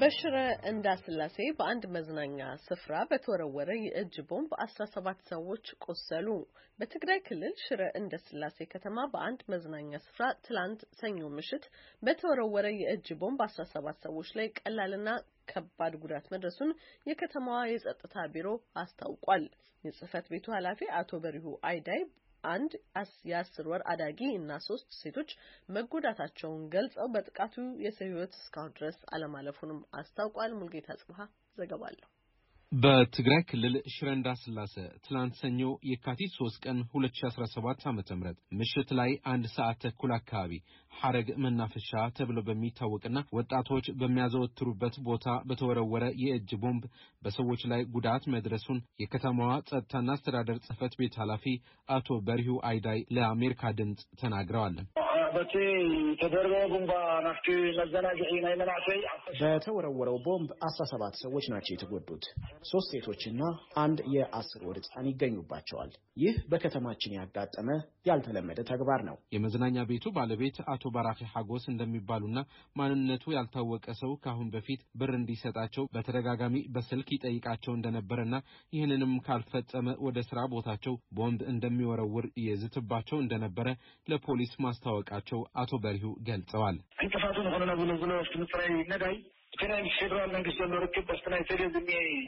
በሽረ እንዳስላሴ በአንድ መዝናኛ ስፍራ በተወረወረ የእጅ ቦምብ አስራ ሰባት ሰዎች ቆሰሉ። በትግራይ ክልል ሽረ እንዳስላሴ ከተማ በአንድ መዝናኛ ስፍራ ትላንት ሰኞ ምሽት በተወረወረ የእጅ ቦምብ አስራ ሰባት ሰዎች ላይ ቀላልና ከባድ ጉዳት መድረሱን የከተማዋ የጸጥታ ቢሮ አስታውቋል። የጽህፈት ቤቱ ኃላፊ አቶ በሪሁ አይዳይ አንድ የአስር ወር አዳጊ እና ሶስት ሴቶች መጎዳታቸውን ገልጸው በጥቃቱ የሰው ህይወት እስካሁን ድረስ አለማለፉንም አስታውቋል። ሙልጌታ ዘገባ ዘገባለሁ። በትግራይ ክልል ሽረ እንዳስላሴ ትላንት ሰኞ የካቲት 3 ቀን 2017 ዓ ም ምሽት ላይ አንድ ሰዓት ተኩል አካባቢ ሐረግ መናፈሻ ተብሎ በሚታወቅና ወጣቶች በሚያዘወትሩበት ቦታ በተወረወረ የእጅ ቦምብ በሰዎች ላይ ጉዳት መድረሱን የከተማዋ ጸጥታና አስተዳደር ጽህፈት ቤት ኃላፊ አቶ በርሂው አይዳይ ለአሜሪካ ድምፅ ተናግረዋል። በተወረወረው ቦምብ አስራ ሰባት ሰዎች ናቸው የተጎዱት። ሶስት ሴቶችና አንድ የአስር ወር ህፃን ይገኙባቸዋል። ይህ በከተማችን ያጋጠመ ያልተለመደ ተግባር ነው። የመዝናኛ ቤቱ ባለቤት አቶ ባራፊ ሀጎስ እንደሚባሉና ማንነቱ ያልታወቀ ሰው ከአሁን በፊት ብር እንዲሰጣቸው በተደጋጋሚ በስልክ ይጠይቃቸው እንደነበረና ይህንንም ካልፈጸመ ወደ ስራ ቦታቸው ቦምብ እንደሚወረውር የዝትባቸው እንደነበረ ለፖሊስ ማስታወቃቸው መኖራቸው አቶ በሪሁ ገልጸዋል። እንቅፋቱን ሆነ ብሎ ብሎ ነዳይ መንግስት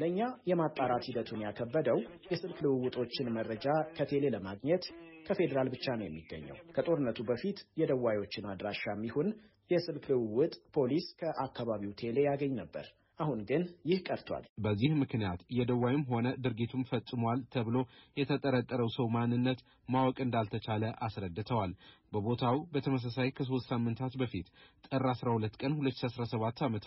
ለእኛ የማጣራት ሂደቱን ያከበደው የስልክ ልውውጦችን መረጃ ከቴሌ ለማግኘት ከፌዴራል ብቻ ነው የሚገኘው። ከጦርነቱ በፊት የደዋዮችን አድራሻም ይሁን የስልክ ልውውጥ ፖሊስ ከአካባቢው ቴሌ ያገኝ ነበር። አሁን ግን ይህ ቀርቷል። በዚህ ምክንያት የደዋይም ሆነ ድርጊቱም ፈጽሟል ተብሎ የተጠረጠረው ሰው ማንነት ማወቅ እንዳልተቻለ አስረድተዋል። በቦታው በተመሳሳይ ከሶስት ሳምንታት በፊት ጥር 12 ቀን 2017 ዓ ም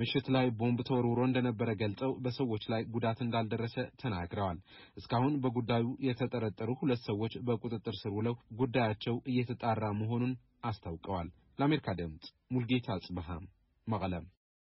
ምሽት ላይ ቦምብ ተወርውሮ እንደነበረ ገልጸው በሰዎች ላይ ጉዳት እንዳልደረሰ ተናግረዋል። እስካሁን በጉዳዩ የተጠረጠሩ ሁለት ሰዎች በቁጥጥር ስር ውለው ጉዳያቸው እየተጣራ መሆኑን አስታውቀዋል። ለአሜሪካ ድምፅ ሙልጌታ አጽበሃም መቀለም